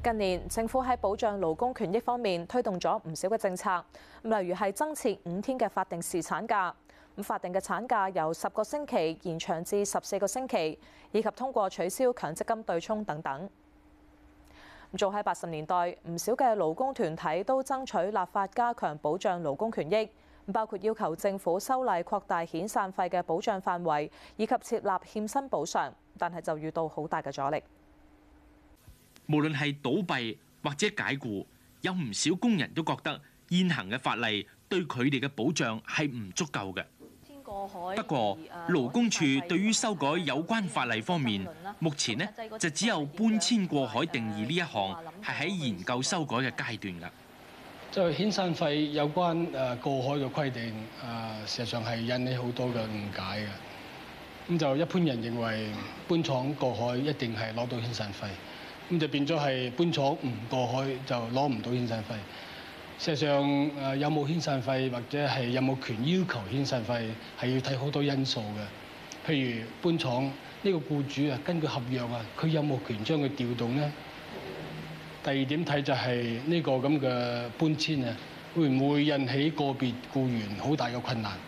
近年政府喺保障勞工權益方面推動咗唔少嘅政策，例如係增設五天嘅法定侍產假，法定嘅產假由十個星期延長至十四個星期，以及通過取消強積金對沖等等。咁早喺八十年代，唔少嘅勞工團體都爭取立法加強保障勞工權益，包括要求政府修例擴大遣散費嘅保障範圍，以及設立欠薪補償，但係就遇到好大嘅阻力。無論係倒閉或者解僱，有唔少工人都覺得現行嘅法例對佢哋嘅保障係唔足夠嘅。不過勞工處對於修改有關法例方面，目前呢就只有搬遷過海定義呢一項係喺研究修改嘅階段啦。就遣散費有關誒過海嘅規定誒，事實上係引起好多嘅誤解嘅。咁就一般人認為搬廠過海一定係攞到遣散費。咁就變咗係搬廠唔過海就攞唔到遣散費。事實上，誒有冇遣散費或者係有冇權要求遣散費，係要睇好多因素嘅。譬如搬廠呢、呢個僱主啊，根據合約啊，佢有冇權將佢調動呢？第二點睇就係、係、呢、呢個咁嘅搬遷啊，會唔會引起個別僱員好大嘅困難？呢、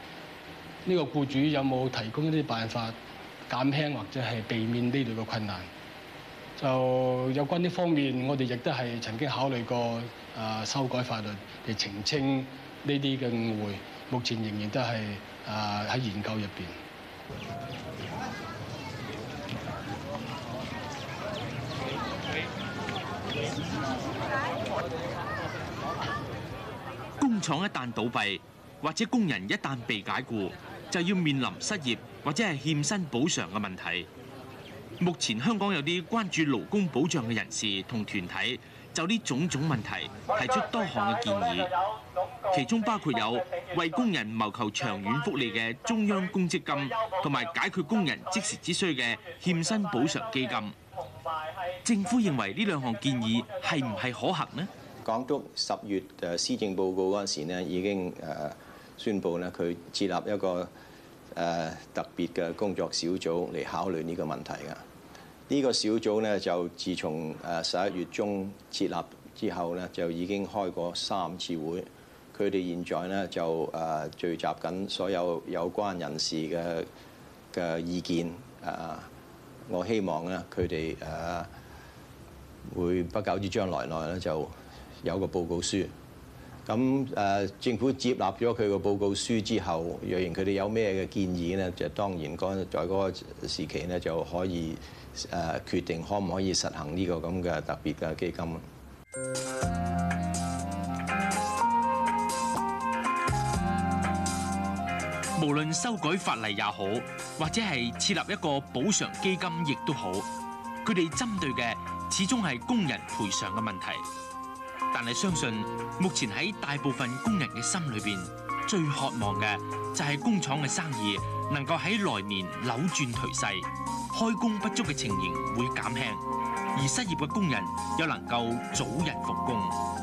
呢個僱主有冇提供一啲辦法減輕或者係避免呢類嘅困難？就有關呢方面，我哋亦都係曾經考慮過啊修改法律嚟澄清呢啲嘅誤會。目前仍然都係啊喺研究入面。工廠一旦倒閉，或者工人一旦被解僱，就要面臨失業或者係欠薪補償嘅問題。目前香港有啲關注勞工保障嘅人士同團體，就呢種種問題提出多項嘅建議，其中包括有為工人謀求長遠福利嘅中央公積金，同埋解決工人即時之需嘅欠薪補償基金。政府認為呢兩項建議係唔係可行呢？港督十月嘅施政報告嗰陣時呢，已經誒宣布呢，佢設立一個。誒特別嘅工作小組嚟考慮呢個問題㗎。呢個小組呢，就自從誒十一月中設立之後呢，就已經開過三次會。佢哋現在呢，就誒聚集緊所有有關人士嘅嘅意見。誒，我希望呢，佢哋誒會不久之將來內呢，就有個報告書。咁誒，政府接納咗佢個報告書之後，若然佢哋有咩嘅建議呢，就當然在嗰個時期呢，就可以誒決定可唔可以實行呢個咁嘅特別嘅基金。無論修改法例也好，或者係設立一個補償基金亦都好，佢哋針對嘅始終係工人賠償嘅問題。但係相信，目前喺大部分工人嘅心裏邊，最渴望嘅就係工廠嘅生意能夠喺來年扭轉頹勢，開工不足嘅情形會減輕，而失業嘅工人又能夠早日復工。